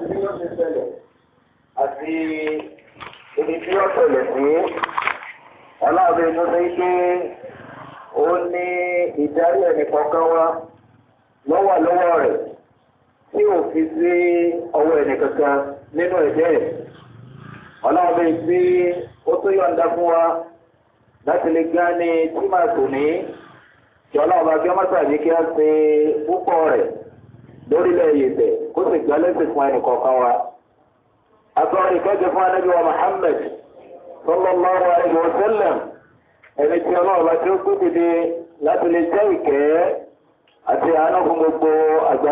àti bí yóò ṣe ṣẹlẹ̀ àti ibi tí yóò ṣẹlẹ̀ sí ọlọ́run inú ní pé ó ní ìdarí ẹnì kọ̀ọ̀kan wá lọ́wọ́ lọ́wọ́ rẹ̀ tí ò fi sí ọwọ́ ẹnì kankan nínú ẹ̀jẹ̀ rẹ̀ ọlọ́run tí ó tó yọ̀ǹda fún wa láti lè gán ní tí màá tò ní tí ọlọ́run bá ọmọ tàbí kí á ṣe púpọ̀ rẹ̀ lórílẹ̀ yìí bẹ́ẹ̀. kó sì gbà lẹ́sìn fún A kọ̀ọ̀kan wa. àtọ́rin ìkẹ́jọ fún anábì wa muhammed sallallahu alayhi wa sallam ẹni tí ọlọ́run bá ti ń di láti lè jẹ́ àti fún gbogbo àti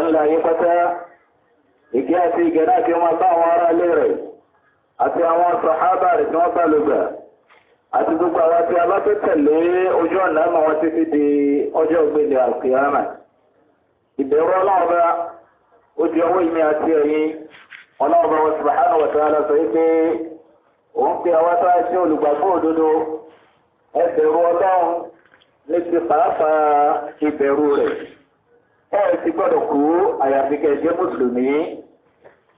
ìkẹ́ náà kí wọ́n bá àwọn ará ilé rẹ̀ àti àwọn sàhábà rẹ̀ tí bá àti gbogbo àwọn àti ojú ọ̀nà àmọ́ wọn títí di ọjọ́ ògbéni ìbẹ̀rù ọlọ́run ó di ọwọ́ ìmí àti ẹ̀yìn ọlọ́ọ̀bá wọn subhanahu wa ta'ala sọ yìí pé òun pe àwọn tó ṣe olùgbàgbọ́ òdodo ẹbẹ̀rù ọlọ́run ní ti pàápàá ìbẹ̀rù rẹ̀ ẹ ti gbọ́dọ̀ kú àyàfi kẹ̀jẹ́ mùsùlùmí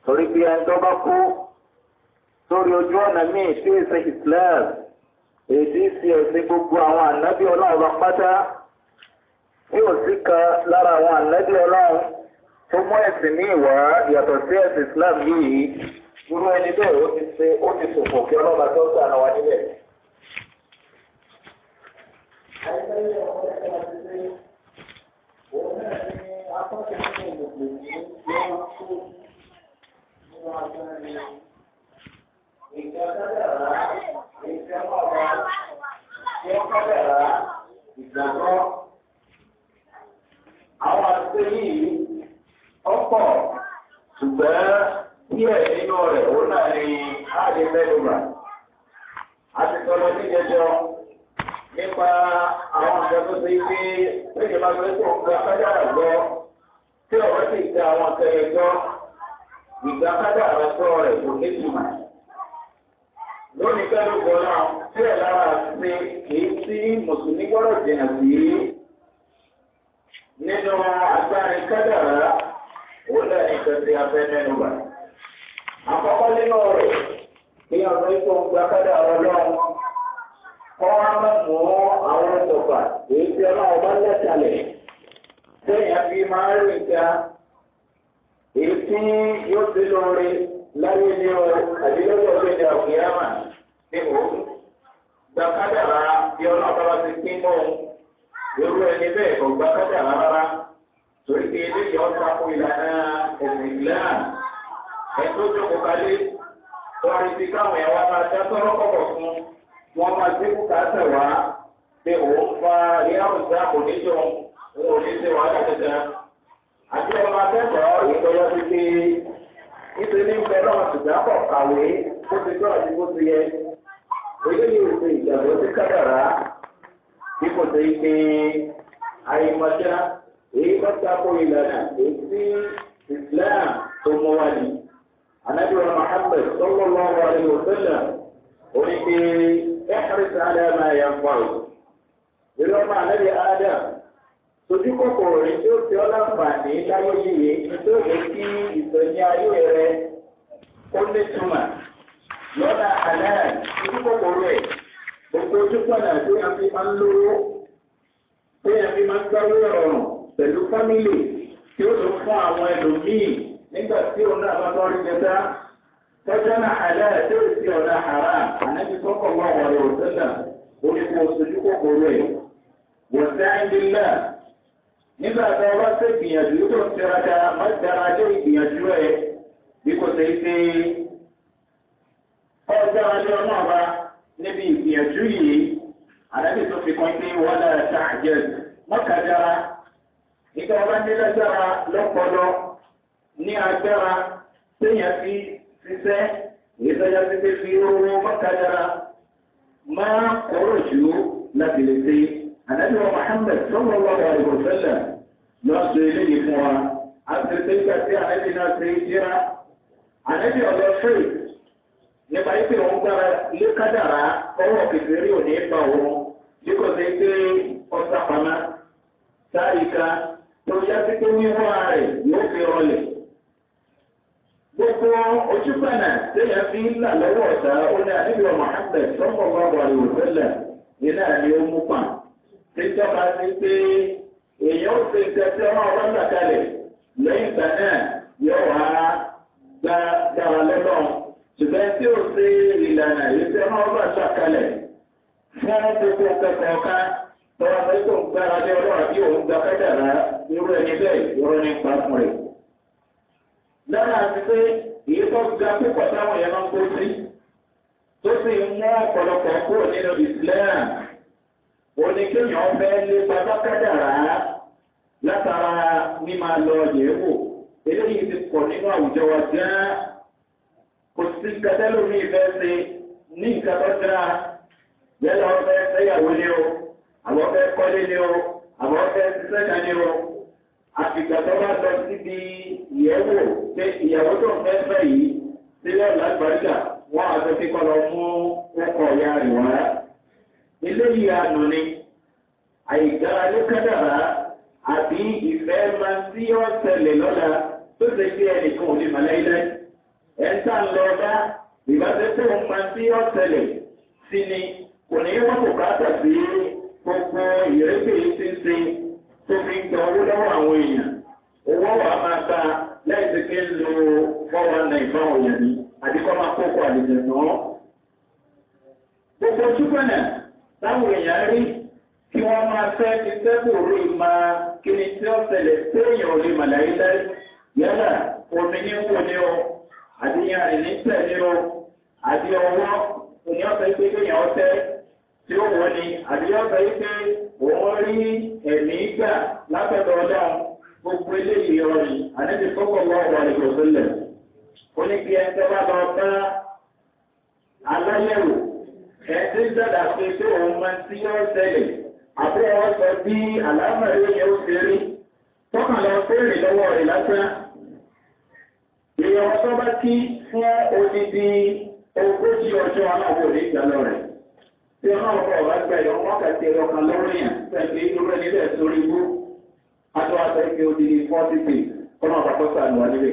torí pé ẹni tó bá kú sórí ojú ọ̀nà míì tí èsì Islam èdè sí ẹ̀sìn gbogbo àwọn ànábì ọlọ́run pátá ò sí kan lára tó mú ẹ̀sìn ní ìwà yàtọ̀ sí ẹ̀sìn Islam yìí irú ẹni bẹ́ẹ̀ ó ti ṣe ó ti ṣòfò kí ọlọ́ba tó gbà náà wá níbẹ̀. àwọn àti sẹ́yìn yìí. ọ̀pọ̀ ṣùgbọ́n díẹ̀ nínú rẹ̀ òun náà ni áàdì mẹ́lùmá. a ti sọ̀rọ̀ nípa àwọn tó ṣe pé máa tó gba gbọ́ tí ọ̀rọ̀ sì àwọn gbọ́ ìgbà rẹ̀ kò ní ìtumọ̀. lónìí pẹ̀lú lára ṣe kìí sí mùsùlùmí gbọ́dọ̀ sí nínú náà ní kẹsì afẹ́ nínú wa. Àkọ́kọ́ nínú rẹ̀ ní ọ̀sẹ̀ tó ń gba kádà ọlọ́run. Ọ̀rọ̀ máa mú àwọn ọ̀sọ̀fà èyí tí ọlọ́run bá lẹ́sàlẹ̀. Sẹ́yìn àfi máa ń rìn ga èyí tí yóò ti lóore láyé ní o àbí lọ́jọ́ ìgbéjà òkèèyàmà ní òun. Gba kádà rárá bí ọlọ́run ti pín mọ́ òun. Irú ẹni bẹ́ẹ̀ kò gba kádà rárá torí pé eléyìí ọ̀sán kó ìlànà ẹ̀sìn Islam ẹ̀tọ́ tó kó kalẹ̀ lórí ti káwọn ẹ̀wà máa dá sọ́rọ́ kọ̀kọ̀ fún wọn máa dé kúkà tẹ̀ wá pé òun fa ìyáwó ìta kò ní jọ òun ò ní ṣe wàhálà tẹ̀tẹ̀. àti ọmọ akẹ́kọ̀ọ́ ìgbọ́yọ̀ ti pé nítorí nígbà náà ṣùgbọ́n kọ̀ kàwé ó ti tọ́ àti bó ti yẹ. òye ni òṣè ti kádàrá bí kò tẹ́ ike àyèmọ́ṣẹ́ èyí tó tako ìlànà èsì islam tó mú wa ni anabi wa muhammed sallallahu alayhi wa sallam oníke ẹ̀xẹ̀rẹ̀ sàlẹ̀ máa yà ń fọ̀rọ̀ nínú ọmọ anabi adam sojú kòkòrò rẹ̀ tí ó ti ọ́ láǹfààní láyé yìí tó lè kí ìsọ̀nyí ayé rẹ̀ ó ní túmọ̀ lọ́nà àlẹ́ sojú kòkòrò rẹ̀ gbogbo ojú pọ̀nà tí a fi máa ń lówó tí a fi máa ń gbáwé ọ̀rùn. pẹ̀lú fámìlì tí ó tún fún àwọn ẹlòmíì nígbà tí òun náà bá tọ́ rí jẹta tọ́jọ́ àlẹ́ tó lè fi ọ̀nà àrà ànábi sọ́kọ̀ wà wọ̀rẹ̀ òsínà onípo sojú kòkòrò ẹ̀ wọ́n sáyẹ́ndínlá nígbà tó wá sí ìgbìyànjú tó ń tẹ̀rajà má dára lé ìgbìyànjú ẹ̀ bí kò ọ̀nà ọba níbi ìgbìyànjú yìí ànábi tó fi wọ́n mọ́kàdára. nígbà wọn bá ní lágbára lọ́pọ̀lọ́ ní agbára téèyàn fi ṣiṣẹ́ ìṣẹ́yà ti fi fi owó mọ́tàdára máa kọ́rọ̀ jù láti lè ṣe. Ànábì wa sọ́wọ́ wa wà lọ sẹ́lẹ̀ lọ sọ eléyìí fún wa. A ṣe ìgbà tí ànábì náà ṣe é jíra. ọ̀dọ́ nípa òun gbára ilé kádàrá ọwọ́ kékeré òní òun. Bí kò ṣe tó yẹ pípé wíwá rẹ̀ yóò fi rọlẹ̀. Gbogbo ojúpẹ̀nà téèyàn fi ń là lọ́wọ́ ọ̀tá ó ní àdébíyọ Mohammed sọ́kọ̀ bá wà lò tẹ́lẹ̀ nílẹ̀ ni ó mú pa. Títọ́ka sí pé èèyàn ó ṣe nǹkan tí ọmọ ọba gbà kalẹ̀ lẹ́yìn ìgbà náà yóò wá gba dára lọ́lọ́. Ṣùgbọ́n tí ó ṣe ìlànà yìí tí ọmọ ọba gbà kalẹ̀ fún gbogbo kẹkọ̀ọ́ tọ́wọ́ pé kò ń gbára lé ọlọ́run àbí òun gba kẹ́kẹ̀rẹ́ irú ẹni bẹ́ẹ̀ irú ní pàápàá rẹ̀. lára àti pé èyí tó ga púpọ̀ táwọn yẹn máa ń kó sí tó sì ń mú ọ̀pọ̀lọpọ̀ kúrò nínú ìsìlẹ́yà oníkéèyàn fẹ́ lépa kẹ́kẹ̀rẹ́ látara mímá lọ yẹ̀wò eléyìí ti pọ̀ nínú àwùjọ wa gan-an kò sí kẹtẹ́lómi ìfẹ́ ṣe ní ìkàtọ́ dáa yẹ́lẹ́ ọ àwọn fẹ́ kọ́lé ni o àwọn fẹ́ ṣiṣẹ́ kan ni o àtìgbà tó bá lọ síbi ìyẹ́wò pé ìyàwó tó ń fẹ́ fẹ́ yìí sílẹ̀ lágbàdà wọ́n á sọ pé kọ́ lọ mú ọkọ̀ ìyá rẹ̀ wá. eléyìí àná ni àìgbára ló kádàrá àbí ìfẹ́ máa sí ọ̀sẹ̀lẹ̀ lọ́la tó ṣe pé ẹnìkan ò ní màláìlẹ́. ẹ̀ ń tà ń lọ bá ìbáṣepọ̀ máa sí ọ̀sẹ̀lẹ̀ sí ni kò ní wọ́n kò bá tàbí gbogbo ìrẹ́pè yìí ti ń ṣe tó fi ń gba owó lọ́wọ́ àwọn èèyàn owó wà máa ta lẹ́yìn tí kí ń lo four one nine èèyàn ni àdìkọ́ máa ma àlejò náà. gbogbo ojúgbọ́nà táwọn èèyàn rí kí wọ́n máa fẹ́ ti sẹ́kù orí kí ni tí ó ṣẹlẹ̀ èèyàn ò lè mà yálà omi o àdìyàn rẹ̀ ní o àdìyàn ọwọ́ òní ọ̀sẹ̀ tí ó wọ́n ni àdéhùnsọ yìí pé òun rí ẹ̀mí gbà látọ̀dọ̀ ọ̀dà gbogbo eléyìí ọ̀rìn àdébí kọ́kọ́ wọ́n wà ní gbòsílẹ̀. ó ní kí ẹ tẹ́ bá lọ bá alálẹ́wò ẹ ti ń dàdà pé pé òun máa ti yọ sẹ́lẹ̀ àbí wọ́n sọ bí àlámọ̀rí yẹn ó ṣe rí tọ́kàn lọ fẹ́rẹ̀ lọ́wọ́ rẹ̀ lásán. èèyàn ọtọ́ bá kí fún odidi ogójì ọjọ́ aláwọ̀ onígbàlọ́ tí wọn náà kọ̀ wá gba ìyọ̀wọ́ wákàtí ẹ̀rọ kan lọ́rùn yẹn tẹ̀lé irú ẹni bẹ́ẹ̀ sórí ibú adúláṣẹ ike odidi fọ́ọ̀tì tì ọmọ àpapọ̀ sànù wà níbẹ̀.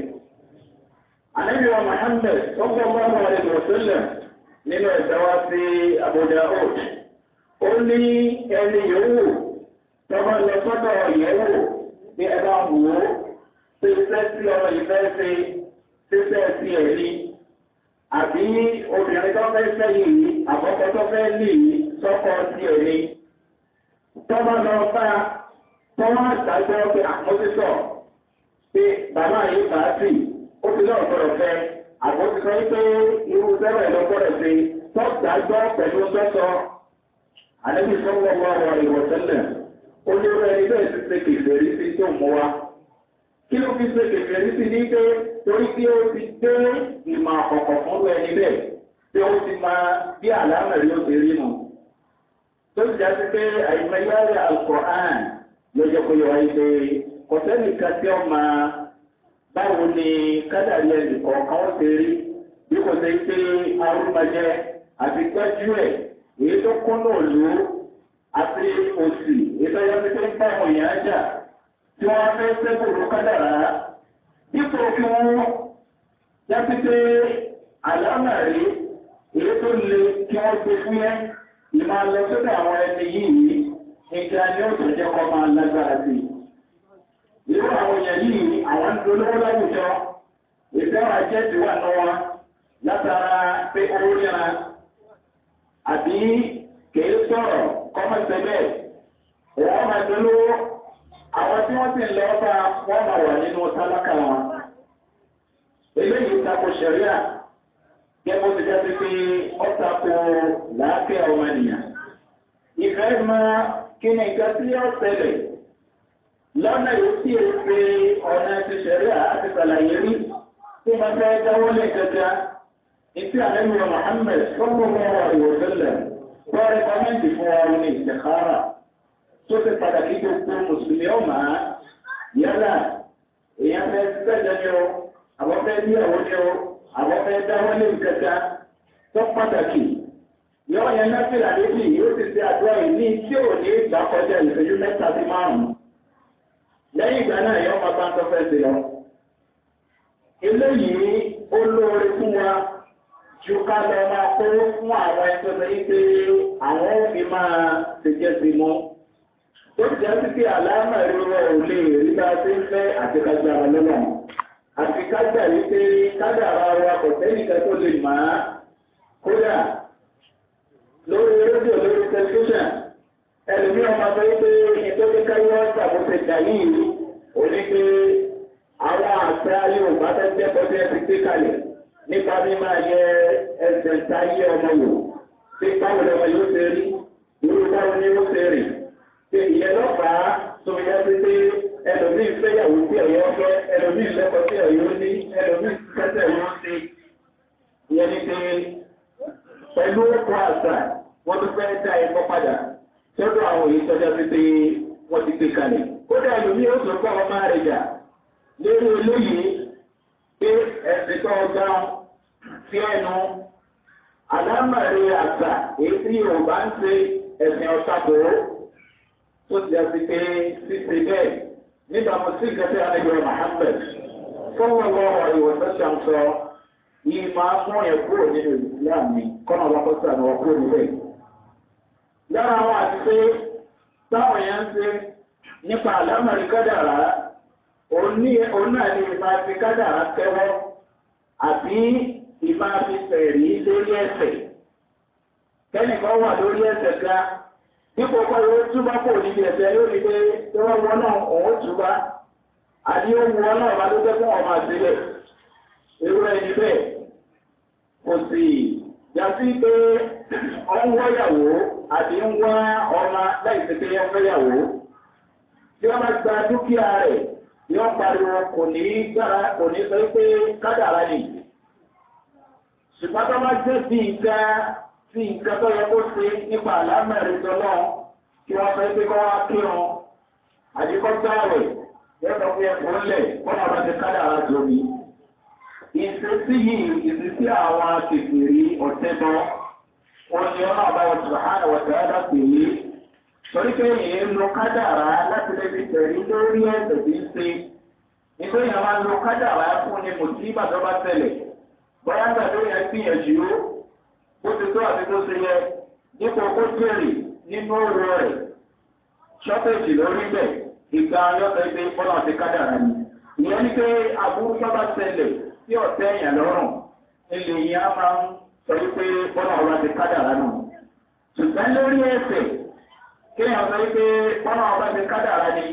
àníbi wa mahammed tó gbọ́ bọ́ọ̀mù àdìgbò sílẹ̀ nínú ẹ̀dá wa sí abuja old ó ní ẹni yòówù tọ́mọ lọ sọ́dọ̀ ìyẹ́wò ní ẹ̀dá wò ó ṣe iṣẹ́ sí ọmọ ìfẹ́ ṣe ṣiṣẹ́ sí ẹ̀rí àbí obìnrin tó fẹ́ sẹ́yìn yìí àkọ́kọ́ tó fẹ́ lì yìí sọ́kọ sí ẹni. tọ́ba lọ bá tọ́wọ́ àgbàgbọ́ pé àmójútó pé bàbá yìí bá sì ó ti lọ́ọ̀ gbọ́dọ̀ fẹ́ àmójútó yìí pé irú sẹ́wọ̀n ló gbọ́dọ̀ ṣe tọ́gbàgbọ́ pẹ̀lú sọ́sọ. àlejò sọ́wọ́ wà wọ ìwọ̀sẹ́lẹ̀ ó lérò ẹni bẹ́ẹ̀ ti ṣe kìfèrí sí tó mú wa kí ló fi ṣe kẹ̀kẹ́ ní ti ní pé torí pé ó ti dé ìmọ̀ àkọ́kọ́ fún ẹni bẹ́ẹ̀ pé ó ti máa bí àlámọ̀ yóò ṣe rí nù. tó ti jáde pé àìmọ̀yáre alukọ̀án lọ́jọ́ pé yọ wáyé pé kọ̀sẹ́nì kan tí ó máa báwo ni kádàrí ẹnì kọ̀ọ̀kan ó ṣe rí bí kò ṣe pé arúgbajẹ àti pẹ́jú ẹ̀ èyí tó kún náà lù ú àti òsì èyí tó yẹ kí pé ń bá àwọn èèyàn tí wọ́n fẹ́ sẹ́kùrú kádàrá dípò kí wọ́n yàtí pé àlámà rí èyí tó le kí wọ́n gbé fún yẹn ní máa lọ sódà àwọn ẹni yìí nǹkan ni ó tẹ̀jẹ́ kọ́ máa lágbára sí i. irú àwọn èèyàn yìí àwọn ń dolówó láwùjọ ìfẹ́ wa jẹ́ ìwà náà wa látara pé ó ríra àbí kèé sọ̀rọ̀ kọ́mọ̀sẹ̀ bẹ́ẹ̀ wọ́n máa dolówó àwọn tí wọ́n ti lọ bá wọ́n máa wà nínú tálákà wọn. eléyìí tako sẹ̀ríà gẹ́gẹ́ bí jáde pé ó tako làákẹ́ ọmọnìyàn. ìfẹ́ máa kí ni ìgbà tí yóò tẹ̀lẹ̀ lọ́nà yìí tí o pe ọ̀nà ti sẹ̀ríà àti sàlàyé rí tí wọ́n fẹ́ dáwọ́ lé gẹ́gẹ́ ìtí àlẹ́ mi Muhammed sọ́kùnrin ọ̀rọ̀ ìwòsílẹ̀ wọ́n rẹ̀ kọ́mẹ́ntì fún wa ní ìtẹ̀kárà tó ṣe pàtàkì gbogbo mùsùlùmí ọ̀mà yálà èèyàn fẹ́ sẹ́jọ ni o àwọn fẹ́ níyàwó ni o àwọn fẹ́ dáwọ́ ní ìkẹta tó pàtàkì yọ yẹn náfìlà níbi yóò ti ṣe àdúrà yìí ní tí ò ní ìgbà kọjá ìṣẹ́jú mẹ́ta sí márùn-ún lẹ́yìn ìgbà náà yọ ọmọ bá ń tọ́ fẹ́ sí lọ. eléyìí ó lóore fún wa ju ká lọ máa kó fún àwọn ẹgbẹ́ mi pé àwọn ò fi máa ṣèjẹ́ sí mọ́ ó ti jẹ́ pípé àlámà ìrora ò lè rí bá a ti ń fẹ́ àti kájà wọn lọ́nà. àti kájà yìí pé kájà ara wa kò sẹ́nìkan tó lè mà á kódà lórí rédíò lórí tẹlifíṣàn ẹlòmíì ọmọ sọ pé ìtọ́jú káyọ̀ ṣàkóso ìgbà yìí ò ní pé àwọn àṣà yorùbá fẹ́ jẹ́ bọ́dé ẹ ti gbé kalẹ̀ nípa mímọ ayẹ ẹsẹ̀ ta yé ọmọ wò pé báwo lọmọ yóò ṣe rí irú báwo ni yóò ṣe rìn ṣe ìyẹn ló fà á tóbi dá sí pé ẹlòmíì fẹ́yàwó tí ẹ̀yọ́ fẹ́ ẹlòmíì lẹ́kọ̀ọ́ tí ẹ̀yọ́ ní ẹlòmíì fẹ́tẹ̀ ẹ̀yọ́ ṣe. ìyẹn ni pé pẹ̀lú ọkọ̀ àṣà wọ́n tún fẹ́ dá ẹ̀kọ́ padà sọ́dọ̀ àwọn èyí tọ́já sí pé wọ́n ti gbé kalẹ̀. kódà ẹlòmíì ó sọ fún ọmọ rẹ̀ jà lórí eléyìí pé ẹ̀sìn tó ọgbà fi ẹnu àlámọ̀rẹ́ àṣà èyí tí tó ti àti pé ṣíṣe bẹ́ẹ̀ nígbà mo sí ìgbà tí a lè yọ Muhammed fọwọ́ lọ́wọ́ ìwòsàn ṣe ń sọ yìí máa mú yẹn kúrò nínú Islam ni kọ́nà lọ́kọ́sí àná wọ́n kúrò níbẹ̀. lára àwọn àti pé táwọn yẹn ń ṣe nípa àlámọ̀rí kádàrá òun náà ni ìmáa fi kádàrá tẹ́wọ́ àbí ìmáa fi fẹ̀rí lórí ẹ̀sẹ̀ kẹ́nìkan wà lórí ẹ̀sẹ̀ gan dípò pẹ̀lú túbá kò ní ilé ẹ̀fẹ́ yóò rí pé tí wọ́n wọ́n náà òun túbá àbí òun wọ́n náà bá tó fún ọmọ àtìlẹ̀ bẹ́ẹ̀ kò sì yàtí pé àti ń wá ọmọ láì tètè yẹn fẹ́yàwó tí wọ́n gba dúkìá rẹ̀ pariwo kò ní gbára kò sí nǹkan tó yẹ kó ṣe nípa àlámẹ̀rẹ̀ tọ́lọ́ kí wọ́n fẹ́ pé kọ́ wá kírun àdìkọ́ gbáwẹ̀ yẹ́nà fún ẹ̀kọ́ lẹ̀ kọ́nà bá ti kádà á tóbi. ìṣesí yìí ìṣesí àwọn akékeré ọ̀tẹ́ bọ́ wọn ni wọn náà bá wọn sùn hàn wọ́n ti rádà pè é. torí pé èyí ń lo kádàrá láti lè fi tẹ̀lé lórí ẹ̀sẹ̀ tí ń ṣe. nítorí àwọn lo kádàrá fún ni mùsùlùmí bàtọ́ bá tẹ̀lẹ̀ bọ́yá gbàdúrà yẹn gbìyànjú bó ti tó àti tó ṣe yẹ nípa kó jèrè nínú òwò rẹ̀ ṣọ́tẹ̀jì lórí bẹ̀ ìgbà ayọ́fẹ́ gbé bọ́lá àti kádàrá ni. ìyẹn ni pé àbúrú sábà ṣẹlẹ̀ tí ọ̀tẹ́ èèyàn lọ́rùn ilé yẹn á máa ń sọ wípé bọ́lá ọ̀la ti kádàrá nù. ṣùgbọ́n lórí ẹsẹ̀ kéèyàn sọ wípé bọ́lá ọ̀la ti kádàrá ni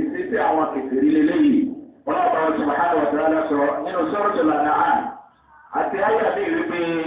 ìṣesí àwọn kẹfìrí lélẹ́yìí bọ́lá ọ̀la ti wàhálà ọ̀tọ̀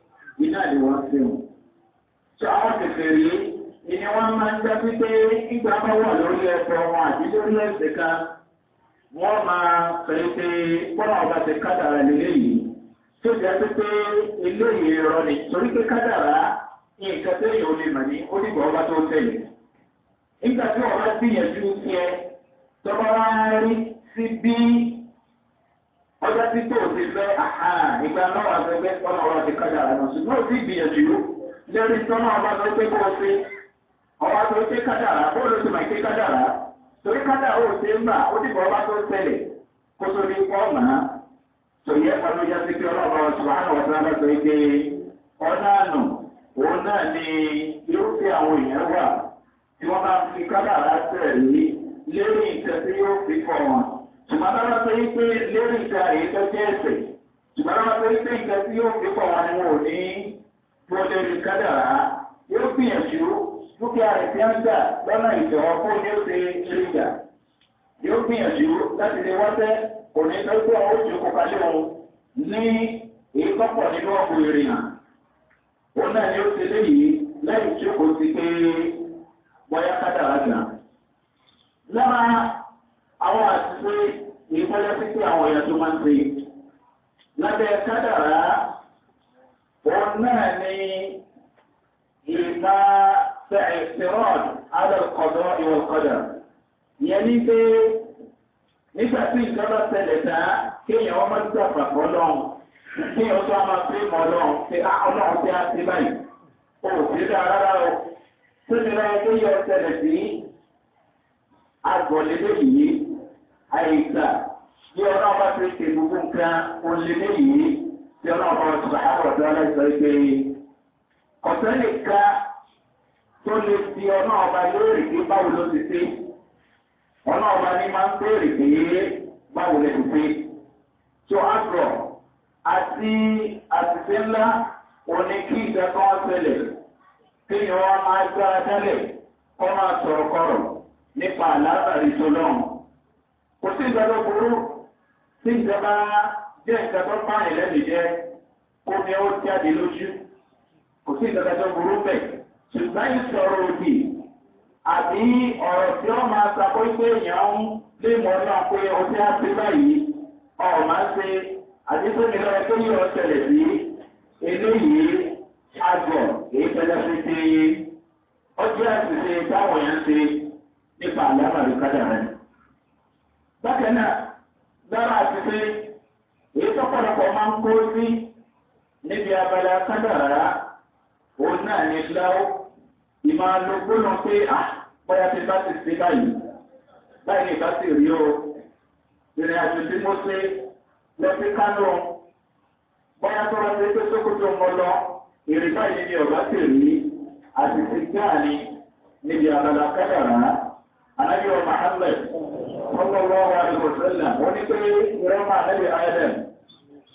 iná ni wọ́n ti mú. sọ àwọn kẹfẹ́ rí ìní wọn máa ń gbá pípé nígbà bá wà lórí ẹ̀kọ́ wọn àti lórí ẹ̀sẹ̀ kan wọ́n máa fẹ́ pé bọ́lá ọba ti kádàrá lélẹ́yìí tó jẹ́ pípé eléyìí ẹ̀rọ ni torí pé kádàrá nǹkan tó yẹ o lè mà ní ó ọba tó tẹ̀lé. nígbà tí ọba gbìyànjú tiẹ̀ tọ́ba wá rí sí bí ọjọ́ tí tó ti fẹ́ ìgbà náà wà pé ọ̀nà ọ̀rọ̀ ti kájà rẹ̀ náà ṣùgbọ́n o gbìyànjú lórí ọba tó kó o ṣe ọba tó kájà rà bó ló ti mà kájà rà torí kájà ó ń bà ó dìbò ọba tó kó tó ní pọ́ mà á tòyí sí pé ọlọ́ba ṣùgbọ́n ọ̀sán ike ọ̀nà àná òun náà ni ya àwọn èèyàn wà tí wọ́n ṣùgbọ́n bá wọ́n sọ wípé lérí ìta èyí tó jẹ́ ẹ̀sẹ̀ ṣùgbọ́n bá wọ́n sọ wípé ìta tí yóò fi pọ̀ wọn ni wọn ò ní bí wọ́n lérí kádàrá yóò gbìyànjú dúkìá rẹ̀ ti ń gbà lọ́nà ìjọba fún yóò ṣe lérí ìjà yóò gbìyànjú láti lè wáṣẹ́ kò tó gbọ́ ó ju kópa lé wọn ní èyí nínú ọ̀pọ̀ ìrìnà òun náà yóò ṣe léyìí lẹ́yìn tí ó kò sí pé wọ́yá kádàrá gbà. lára àwọn àtúnṣe ìfọyọ́ títí àwọn èèyàn tó máa ń ṣe. lábẹ́ kádàrá òun náà ni ìmọ̀ sẹ̀rọ̀d alọ́kọ̀dọ́ ìwọ̀kọ̀dọ̀. ìyẹn ní pé nígbà tí ìjọba ṣẹlẹ̀ tá kéèyàn ọmọ tó àpapọ̀ lọ́hùn kéèyàn tó a máa pé mọ́ lọ́hùn pé ọlọ́run ti á ti báyìí. o ò sí dára rárá o. tó nira ẹgbẹ́ yọ ṣẹlẹ̀ sí agbọ̀lélẹ́yìn yìí àyíká bí ọlọ́run bá ti ṣe gbogbo nǹkan oṣù léyìí tí ọlọ́run bá ti sàárọ̀ ọ̀dọ́ aláìsàn ìgbé ọ̀sẹ̀ nìkan tó lè fi ọlọ́run bá lórí pé báwo ló ti ṣe ọlọ́run bá ní máa ń béèrè pé báwo lè ti ṣe tó àgọ̀ àti àtìsẹ́ ńlá òní kí ìjọba wọn ṣẹlẹ̀ kí ni wọ́n máa gbára tẹ́lẹ̀ kọ́ máa sọ̀rọ̀ kọ̀rọ̀ nípa àlábàrí kò sí ìjọba burú tí ìjọba jẹ́ ìjọba pààyàn lẹ́nu jẹ́ kó ní ó jáde lójú kò sí ìjọba tó burú bẹ̀ ṣùgbọ́n ìṣòro òdì àbí ọ̀rọ̀ tí ó máa sàkó pé èèyàn ń lé mọ́ náà pé o ti á ti báyìí ọ̀ máa ṣe àdínkùnmí lọ́wọ́ tó yọ ọ̀ṣẹ̀lẹ̀ sí eléyìí àgọ̀ èyí tẹ́lẹ̀ fi ṣe ọjọ́ àṣìṣe táwọn èèyàn ṣe nípa àlámàlú kádàrá ni bákan náà lára àtúnṣe èyí tọ́pọ̀lọpọ̀ máa ń kó sí níbi abala kádàrá òun náà ní láwọ́ ìmọ̀ àlògbónà pé à bóyá ti bá ti ṣe báyìí báyìí ní ìbá sì rí o ìrìn àjò tí mo ṣe lọ sí kánò bóyá tó wá sí pé sókòtò ń lọ ìrìn báyìí ní ọ̀gá sì rí àti gbáà ni níbi abala kádàrá. ànábì wa Muhammad sallallahu alaihi wasallam wọ́n ní pé ìrọ́ máa ànábì Adam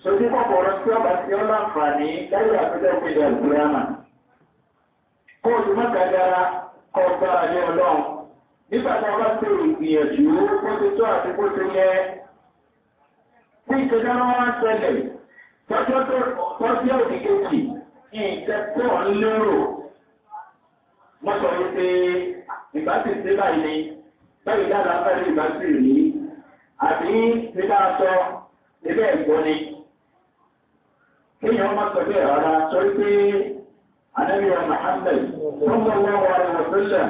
sojú fani tí ọba tí ó láǹfààní lẹ́yìn àtúntò ìpínlẹ̀ ìgbéyàmà kóòtù mọ́tàdára kọ́ gbára ní ọlọ́run nígbà tí wọ́n bá ṣe ìgbìyànjú ti ti báyìí dára báyìí bá sì rí àbí nígbà sọ ẹgbẹ́ ẹ̀kọ́ ni kéèyàn má sọ bẹ́ẹ̀ rárá sọ pé anábìyàn muhammed tó ń bọ̀ wọ́n wà lọ́wọ́ sọ́ṣà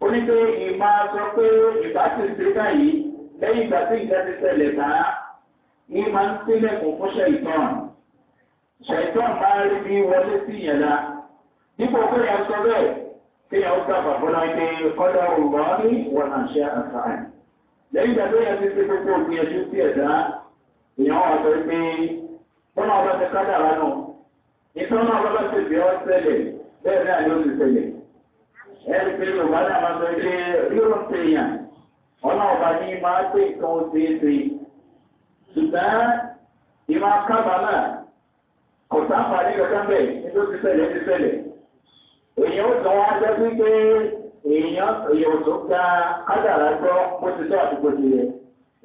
ó ní pé ìmọ̀ sọ pé ìbá ti ṣe báyìí lẹ́yìn ìgbà tí ìgbà ti ṣẹlẹ̀ tán ní máa ń sílẹ̀kùn fún ṣẹ̀tàn ṣẹ̀tàn máa rí bí wọlé sí ìyẹn la dípò pé ẹ sọ bẹ́ẹ̀ kí ni ọ̀gá bàbá náà pé kọ́dà òwò ní wọn náà ṣe àǹfààní. lẹ́yìn ìgbà tó yẹ kí ṣe gbogbo ìgbìyànjú sí ẹ̀dá ìyàn wà sọ pé wọn náà bá ti kádà lánàá ìtàn náà bá bá ti bí ọ sẹlẹ̀ bẹ́ẹ̀ náà yóò ti sẹlẹ̀. ẹni pé yorùbá náà máa sọ pé yóò ṣe èèyàn ọlọ́run bá ní máa pé nǹkan ṣe é ṣe ṣùgbọ́n ìmọ̀ akábàlà kò sáfà ní kankan èèyàn tó wá jẹ́ pípé èèyàn èèyàn tó gba kádàrá gbọ́ bó ti tọ́ àti bó ti yẹ.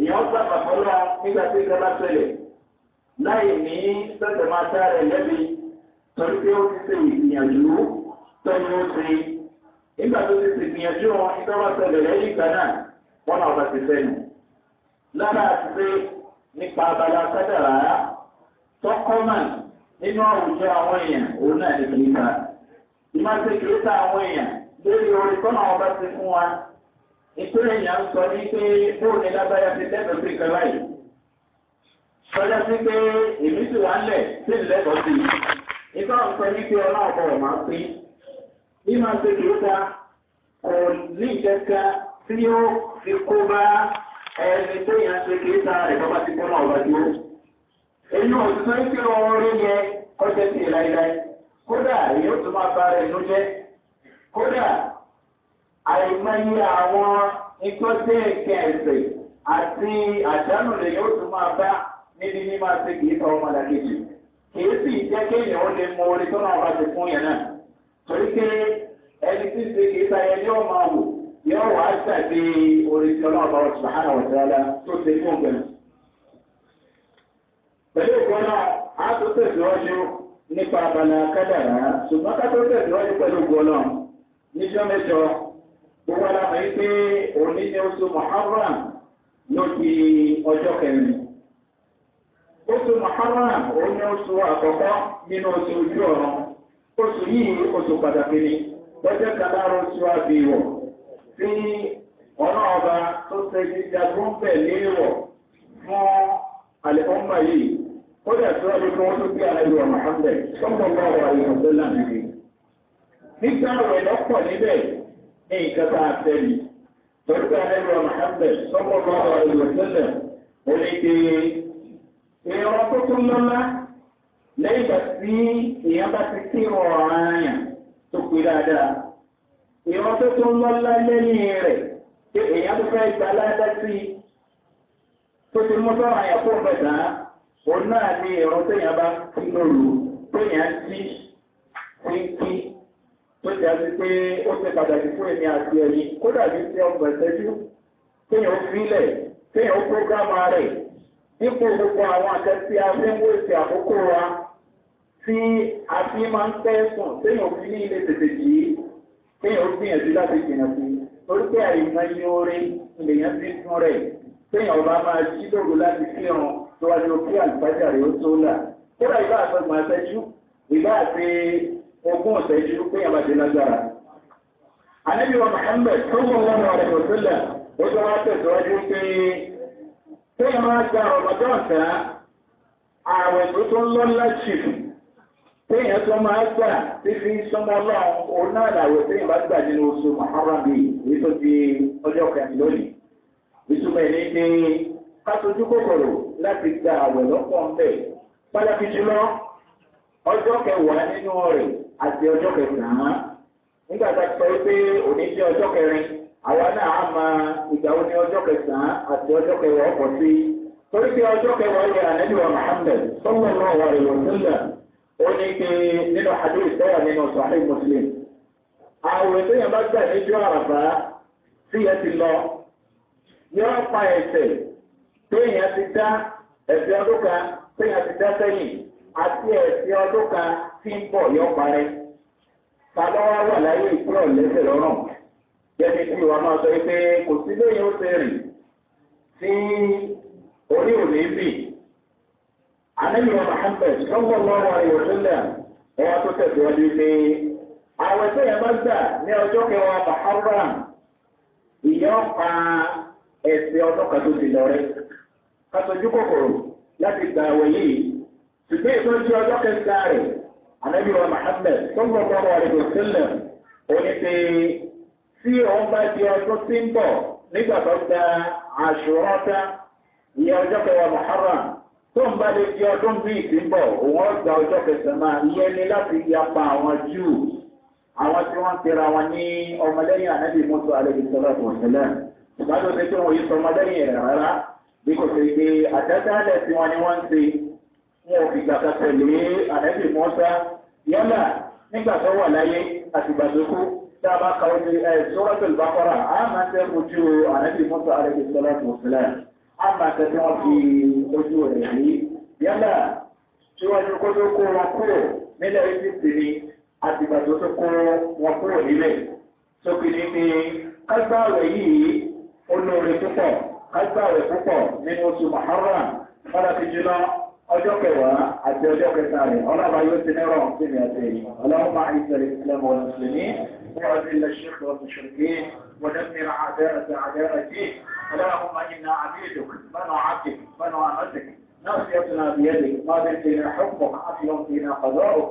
èèyàn gbà bàbá lọ nígbà tí ìjọba ṣẹlẹ̀ láì ní sọ̀tẹ̀ máa dá rẹ̀ lẹ́bi torí pé ó ti ṣe ìgbìyànjú tó ní ó ṣe. nígbà tó ti ṣe ìgbìyànjú wọn ìjọba ṣẹlẹ̀ lẹ́yìn ìgbà náà wọn náà bá ti sẹ́nu. lára àti pé nípa abala kádàrá tọkọ́mà nínú àwùjọ àwọn èèyàn òun náà ní kìí ìmáṣe kìí sa àwọn èèyàn lórí orin tọ́nà ọba ti fún wa ìpínlẹ̀ èèyàn ń sọ ní pé bóòlù lágbára ti lẹ́tọ̀ọ́ sí kan láyìí sọjá sí pé èmi sì wá lẹ̀ sí lẹ́tọ̀ọ́ sí i ìtọ́ ń sọ ní pé ọlá ọ̀bọ̀ ọ̀ máa pín ìmáṣe kìí sa kò ní ìjẹta tí ó fi kó bá ẹni tó yàn ṣe kìí sa rẹ̀ bọ́bá ti kó ọba dúró. èyí ò sọ ìṣirò orin yẹn kọ́ṣẹ́ sí láíláí. kódà èyí ó ma máa bá rẹ̀ ló jẹ́ kódà àìmọye àwọn ikọ́ sí àti àdánù rẹ̀ yóò tún máa bá níbi ní máa ṣe kìí sọ ọmọdé kìí sì jẹ́ kéèyàn ó lè mọ orin tó náà wá ti fún yẹn náà torí pé ẹni tí ṣe kìí sa yẹn yóò máa wò yóò ṣàdé tí ọlọ́run bá tó ṣe fún pẹ̀lú a tẹ̀síwájú. nípa abalị kádàrá ṣùgbọ́n ká tó tẹ̀síwájú pẹ̀lú gbọ́nà níjọ́ mẹ́jọ gbogbo alámọ̀ yìí pé òní ní oṣù muharram ló di ọjọ́ kẹrin oṣù muharram òun ní oṣù àkọ́kọ́ nínú oṣù ojú ọ̀run oṣù yìí oṣù pàtàkì ni lọ́jọ́ oṣù àbíwọ̀ tí ọ̀nà ọba tó ṣe ó dẹ̀ tó ẹni kan tó bí alẹ́ yọ Muhammed sọ́mọ́ bá wà yìí ọ̀gbẹ́ lànà yìí. nígbà rẹ̀ lọ́pọ̀ níbẹ̀ ní nǹkan tá a tẹ̀lé torí pé alẹ́ yọ Muhammed sọ́mọ́ bá wà yìí ọ̀gbẹ́lẹ̀ ó ìrọ̀ tó tún lẹ́yìn ìgbà tí èèyàn bá ti kí ọ̀ràn àyàn tó pé dáadáa ìrọ̀ tó tún lẹ́yìn rẹ̀ pé tó fẹ́ gbà ládá sí tó ti mú sọ́ràn àyàn fún ọ̀gbẹ̀ dáa òun náà ní ìrún téèyàn bá kí lóru téèyàn jí sí kí tó jà sí pé ó ṣe pàtàkì fún èmi àti ẹ̀yìn kódà bí ṣe ọgbọ̀n ìṣẹ́jú téèyàn ó fílẹ̀ téèyàn ó prógrámù rẹ̀ dípò gbogbo àwọn akẹ́sí afẹ́wọ́ ìṣe àkókò wa tí a fi máa ń pẹ́ sùn téèyàn fi ní ilé tètè jì í téèyàn ó gbìyànjú láti jìnnà sí i torí pé àìmọye orin lèèyàn fi sùn rẹ̀ téèyàn ọba máa jí lóru láti kírun síwájú kí àlùfáàjà rẹ̀ ó tó là kódà ìbá àtọ́gbọ̀n àtẹ́jú ìbá àti ogún ọ̀tẹ́jú pé yàrá dé lágbára. ànábì wa muhammed tó wọ́n wọn wà lẹ́yìn òṣèlè ó tó wá tẹ̀síwájú pé pé yàrá gba ọ̀mọ̀dọ́ ọ̀tá ààwẹ̀ tó tó ń lọ láti pé yẹn tó máa gbà fífi sọmọ ọlọ́run òun náà làwẹ̀ pé yàrá gbà nínú oṣù muhammed yìí tó di ọjọ́ kẹrin lónìí ìtumọ̀ ẹ̀ ní pé ká tójú kòkòrò láti gba àwẹ̀ lọ́pọ̀ ńbẹ̀. Pátákì jùlọ ọjọ́ kẹwàá nínú rẹ̀ àti ọjọ́ kẹsàn-án. Nígbà tá a sọ pé òní jẹ́ ọjọ́ kẹrin, àwa náà á máa ìgbà wo ni ọjọ́ kẹsàn-án àti ọjọ́ kẹwàá ọ̀pọ̀ sí. Torí pé ọjọ́ kẹwàá yẹ ànábì wa Muhammed sọ́wọ́n náà wà rẹ̀ lọ́sílẹ̀. Ó ní pé nínú àdúrà ìtọ́wà nínú Sàhíì Mùsùlùm. Àwòrán tó yẹn bá gbà níjọ́ àràbá sí ẹ ti lọ. Yọ téèyàn ti dá ẹ̀sìn ọdún kan téèyàn ti dá sẹ́yìn àti ẹ̀sìn ọdún kan tí ń bọ̀ yọ parẹ́. Tàbá wá wà láyé ìpínlẹ̀ lẹ́sẹ̀ lọ́rùn. Jẹ́ni tí wàá máa sọ pé kò sí léyìn ó ṣe rìn tí orí òní bì. Àlejò Mohammed lọ́wọ́ lọ́wọ́ ayọ̀sílẹ̀ ẹ̀yà tó tẹ̀síwájú pé àwẹ̀ tó yẹ bá gbà ní ọjọ́ kẹwàá Bahrain ìyá ọ̀pá ẹsẹ ọdún kan tó ti lọ rẹ kátọjú kòkòrò láti gba àwẹ yìí ṣùgbọ́n ìtọ́jú ọjọ́ kẹta rẹ̀ anabi wa muhammed sọ́gbọ́n bọ́ọ̀rọ̀ àdìgbò sílẹ̀ òní pé tí òun bá di ọdún tí ń bọ̀ nígbà tó gba àṣùrọ́ta ìyẹn ọjọ́ kẹwàá muharram tó ń bá lè di ọdún bíi tí ń bọ̀ òun ọgbà ọjọ́ kẹsàn-án yẹn ni láti yapa àwọn júù àwọn tí wọ́n ń tẹ̀ra wọn ní ọmọlẹ́yìn anabi musa alẹ́ ìṣẹ́lẹ̀ ọ̀sẹ̀lẹ̀ ṣùgbọ́n tó ṣe pé wọ́n yí sọmọdé yẹn rárá bí kò ṣe pé àtẹ́tẹ́lẹ̀ tí wọ́n ní wọ́n ń ṣe wọn ò fi gbàgbà tẹ̀lé àdẹ́bì mọ́sá yálà nígbà tó wà láyé àtìgbà tá a bá ka omi ẹ̀ sọ́rọ́tòlù bá kọ́ra á máa tẹ́ ojú àdẹ́bì mọ́sá àdẹ́bì sọ́lá tó sílẹ̀ á máa tẹ́ tí wọ́n fi ojú rẹ̀ rí yálà tí wọ́n ní kó tó kó wọn kúrò nílẹ̀ egypt ni olóore púpọ̀ kájáwé púpọ̀ nínú oṣù maharam fọláfi jùlọ ọjọ́ kẹwàá àti ọjọ́ kẹta rẹ̀ ọlọ́ba yóò ti nẹ́rọ̀ ọ̀hún mi àti yìí ọlọ́run máa ń sẹ̀rẹ̀ sílẹ̀ mọ́ mùsùlùmí وأذل الشرك والمشركين ودمر أعداءك أعداء الدين اللهم إنا عبيدك بنو عبدك بنو أمتك àti بيدك قادر فينا حكمك عدل فينا قضاؤك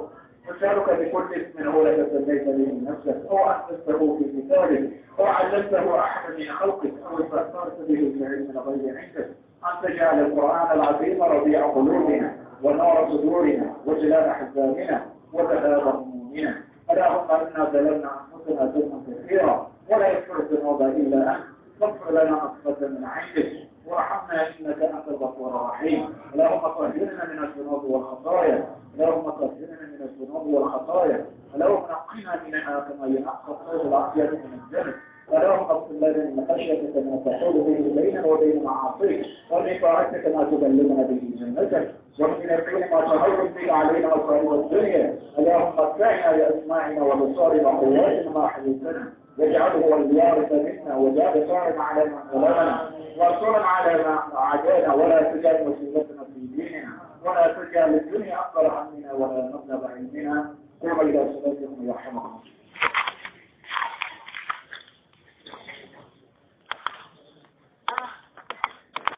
وسألك بكل اسم هو لك سميت به نفسك او احدثته في كتابك او علمته احد من خلقك او استاثرت به في علم غير عندك ان تجعل القران العظيم ربيع قلوبنا ونار صدورنا وجلاء احزاننا وذهاب همومنا اللهم انا ظلمنا انفسنا ذنبا كثيرا ولا يكفر الذنوب الا انت واغفر لنا أصفة من عينك وارحمنا إنك أنت الغفور الرحيم اللهم طهرنا من الذنوب والخطايا اللهم طهرنا من الذنوب والخطايا اللهم نقنا منها كما ينقى الطير الأبيض من الدم اللهم اغفر لنا من خشيتك ما تحول به بيننا وبين معاصيك ومن طاعتك ما تبلغنا به جنتك ومن الدين ما تهون به علينا وصائب الدنيا اللهم متعنا لاسماعنا وبصارنا وقواتنا ما حدثنا يجعله الوارث منا وجاب صارم على من ظلمنا وانصرنا على من عادانا ولا تجعل مصيبتنا في ديننا ولا تجعل الدنيا اكبر عنا ولا مبلغ علمنا قوم الى صلاتكم يرحمكم الله